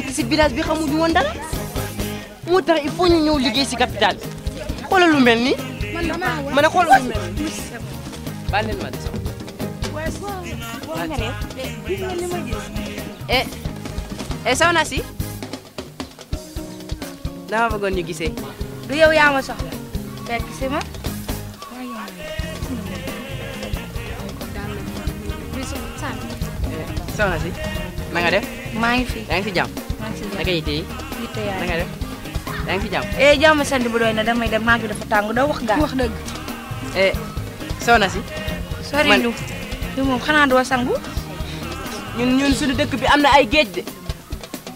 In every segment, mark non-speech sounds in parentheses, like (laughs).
nekk si bi xamuñu woon dara moo tax il faut ñu ñëw liggéey si capital bi lu mel nii. ma ne xoolal lu mel nii. baal leen ma de sax. eh eh soxna si. ñu gisee. du yaa ma soxla. fekk si ma. Eh, soxna si. nga def. maa ngi fi yaa na nga yitee. yitee yaay na nga def yaa ngi fi jàmm. eh jàmm sant bu doy na damay dem dafa tàng doo wax gaa. wax dëgg. eh si. sori ñu ñu moom xanaa doo sangu. ñun ñun suñu dëkk bi am na ay géej de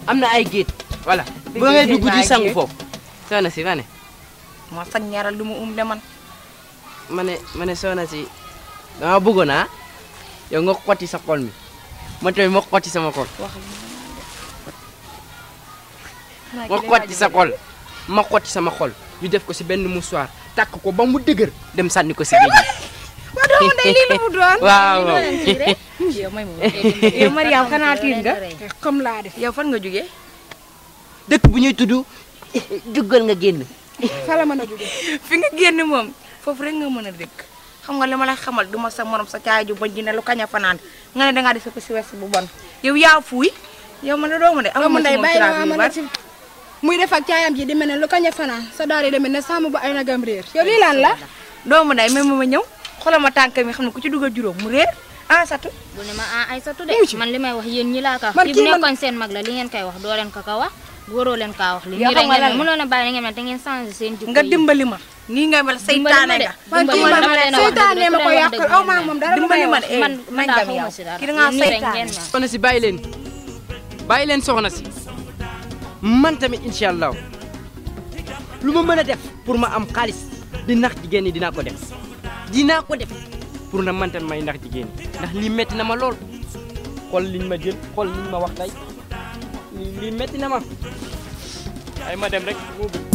am na ay géej. voilà ba ngay dugg sangu foofu. soxna si ma moo sa ñaaral lu mu um de man. ma ne ma ne soxna si dama bëggoon ah yow nga xotti sa xol mi ma tamit ma xotti sama xol. nga xoot ci sa xol ma xoot ci sama xol ñu def ko si benn mouchoir takk ko ba mu dëgër dem sànni ko si géej waa doomu ndey mu doon (laughs) waaw (laughs) yow (laughs) Mariam xanaa tiim laa def yow fan nga jógee dëkk bu ñuy tudd juggal nga génn fa la mën a jógee moom foofu rek nga mën a dëkk xam nga li ma lay xamal duma sa morom sa caay ju ji lu kañ a si wes bu bon yow muy def ak caayam ji di mel ne lu bu ay nagam réer. yow lii la. doomu nday même ma ñëw xoolal ma xam ne ku ci dugal juróom mu réer ah satu. Ah, de. man li may wax yéen ñi laa ko wax. kii bu ngeen koy wax doo leen ko ko wax. waroo leen kaa wax li ñu rek ngeen a bàyyi ngeen da ngeen changé seen jikko seytaane nga man kii ma ko yàqal aw maa moom dara dimbali ma man man daa xawma si dara kii da ngaa soxna si bàyyi leen bàyyi leen soxna si man tamit incha allah lu ma mën a def pour ma am xaalis di nax jigéen ñi dinaa ko def dinaa ko def pour na man may nax jigéen ñi lii metti na ma lool xool liñ ma jël xool liñ ma wax tey lii metti na ma ay ma dem rek